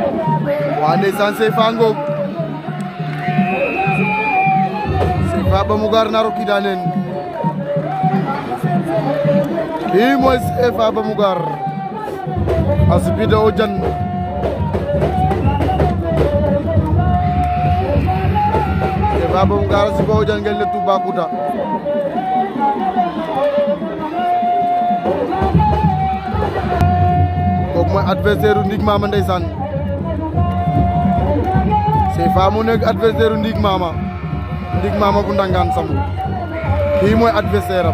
san se Se fango. Wandesan Sefango Sefa Bamugar Narukidanen Hii mooy Sefa Bamugar Asbida Ojan Sefa Bamugar Asbida Ojan ngel ne kuda. kooku mooy adversaire nigma ma Mama CFA mu nekk adversaire u Ndik Mama Ndik Mama Ndangaan Samb kii mooy adversaire